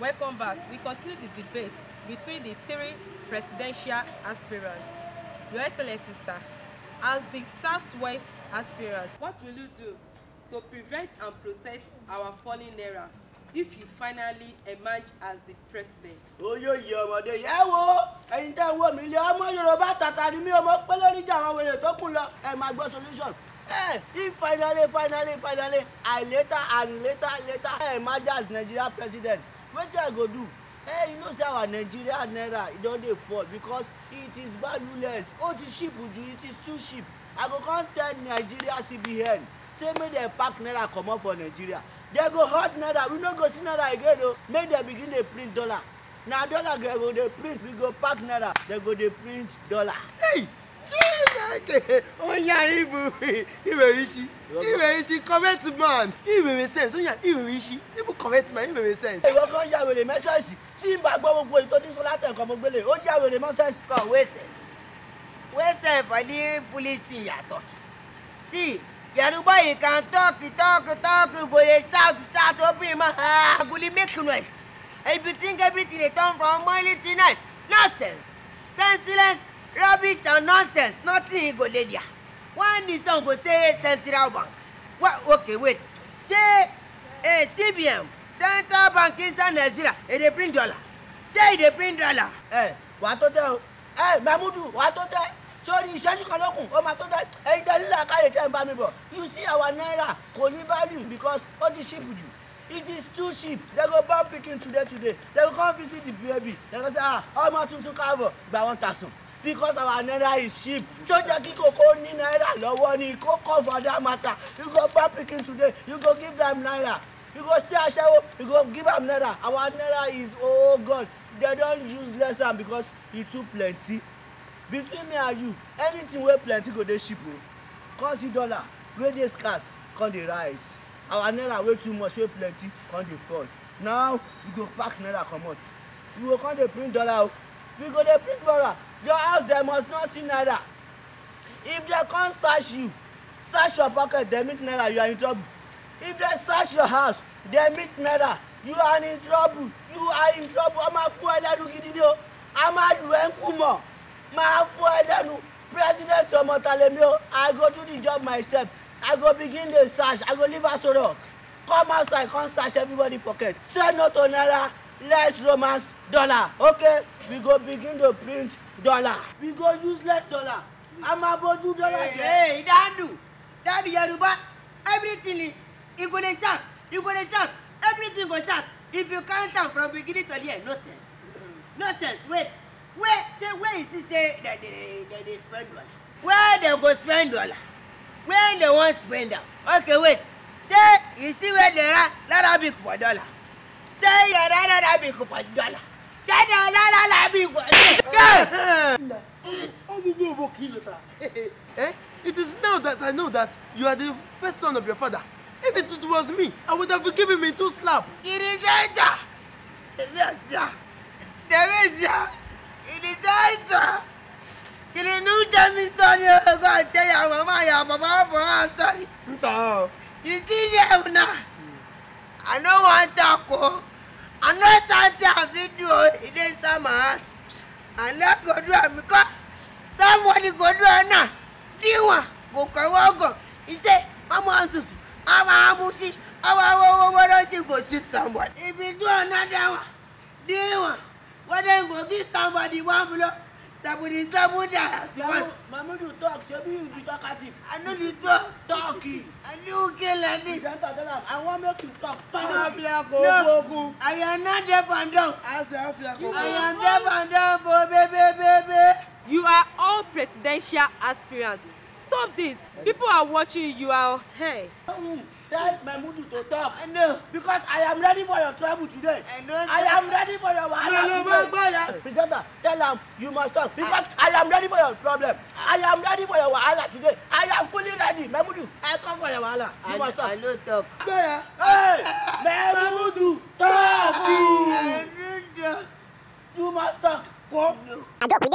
Welcome back. We continue the debate between the three presidential aspirants. Your Excellency, sir, as the Southwest aspirant, what will you do to prevent and protect our fallen era if you finally emerge as the president. oyóyè ọmọdé yeah, wo ẹ̀yin tẹ́ wo mi lé ọmọ yorùbá tàtà ni mi ọmọ pélé níjà àwọn wèrè tó kù lọ ẹ máa gbọ́ solution Hey, if finally finally finally i later and later later ẹ emerge as nigeria president wetin i go do eh hey, you know say our nigeria naira e don dey fall because it is valueless o ti cheap ju it is too cheap i go come tell nigeria cbn say make dem pack naira comot for nigeria dem go hold naira we no go see naira again o make dem begin dey print dollar na dollar dem go dey print we go pack naira dem go dey print dollar. Hey! Chineke onya ibu iwere isi iwere isi correct man iwere sense onya iwere isi ibu correct man iwere sense. ìwọ kan ya wèrè mẹsẹsì tí n bá gbọ́ gbogbo ètò tí n sọ látẹ̀kọ́ mo gbélé ó ya wèrè mẹsẹsì. kọ wẹsẹ wẹsẹ fọlí foolish thing yàtọ̀ sí yorùbá yìí kan tọ́ọ̀kì tọ́ọ̀kì tọ́ọ̀kì gòyè south south obìnrin mọ́ agolo make noise everything everything dey turn from morning till night nonsense senseless rubbish and nonsense nothing go dey there one reason go say central bank well okay wait say eh, cbn central bank inside nigeria e eh, dey print dollar say e dey print dollar. ẹ eh, wàá tó tẹ o ẹ eh, mahmudu wàá tó tẹ sórí ìṣẹ́jú kan lókun ó máa tó tẹ ẹyin tẹ lílà káyè tẹ ń bá mi bọ̀ you see our naira kò ní value because ó ti ṣìpù jù it is too cheap they go born pikin today today they go come visit the baby they go say ah ọmọ tuntun káàbọ̀ gba one thousand because our naira is cheap so jẹ́ kí kòkó ní náírà lọ́wọ́ ni call for that matter you go buy pikin today you go give them naira you go see aṣẹ́wó you go give am naira our naira is oh god they don use less am because e too plenty between me and you anything wey plenty go dey cheap o cause dollar wey dey scarce come dey rise our naira wey too much wey plenty come dey fall now we go pack naira comot we go come dey print dollar o we go dey print dollar your house dem must not see naira if dem come search you search your pocket dem meet naira you are in trouble if dem search your house dem meet naira you are in trouble you are in trouble ọmọ fún ẹ lẹ́nu gidi ni o a máa lù ẹ́ ń kú mọ̀ máa fún ẹ president ọmọtalemi o i go do the job myself i go begin dey search i go leave aso rock come outside come search everybody pocket say no to naira less romance dollar okay we go begin to print dollar we go useless dollar a máa bójú dọ́là jẹ́. dandu dandu yoruba everything e go dey shout e go dey shout everything go shout if you count am from beginning to the end no sense no sense wait where say where you see say dem dey dem dey spend dollar where dem go spend dollar where dem wan spend am okay wait say you see where dey ra naira big for dollar say your naira big for dollar It is now that I know that you are the first son of your father. If it, was me, I would have given me two slap. It is enter. Demesia. Demesia. It is enter. Kí is nu It is sọ ni ọgọ́ àtẹ̀yàwó máa yà bàbá àbúrò àsọ̀rí. Ntọ́. You see there una. I no wan talk o. Oh. I know understand a video It is some my I and na go do am because somebody go do am now new one go kọwọ ọgọ he say ọmọ ọsùsù ọmọ amúsí ọmọ awọwọwọ lọsí go see somebody. if you do another one new one wey dem go see somebody one blow Somebody, somebody. mamudu Shebi you be talkative. I no dey talk. Talk. I no get like this. Presenter tell am, I wan make you talk. Talk. No, no. I am not deaf and dumb. I am deaf and dumb, oh, baby, baby. You are all presidential aspirants. Stop this. People are watching you out. Hey. Tell Memudu to talk. No. Because I am ready for your trouble today. I, know, I am ready for your wahala no, today. Presenter, tell am you must talk. Because I, am ready for your problem. I, am ready for your wahala today. I am fully ready. Memudu, I come for your wahala. You must talk. I know talk. Hey, Memudu, talk. You must talk. Come. No.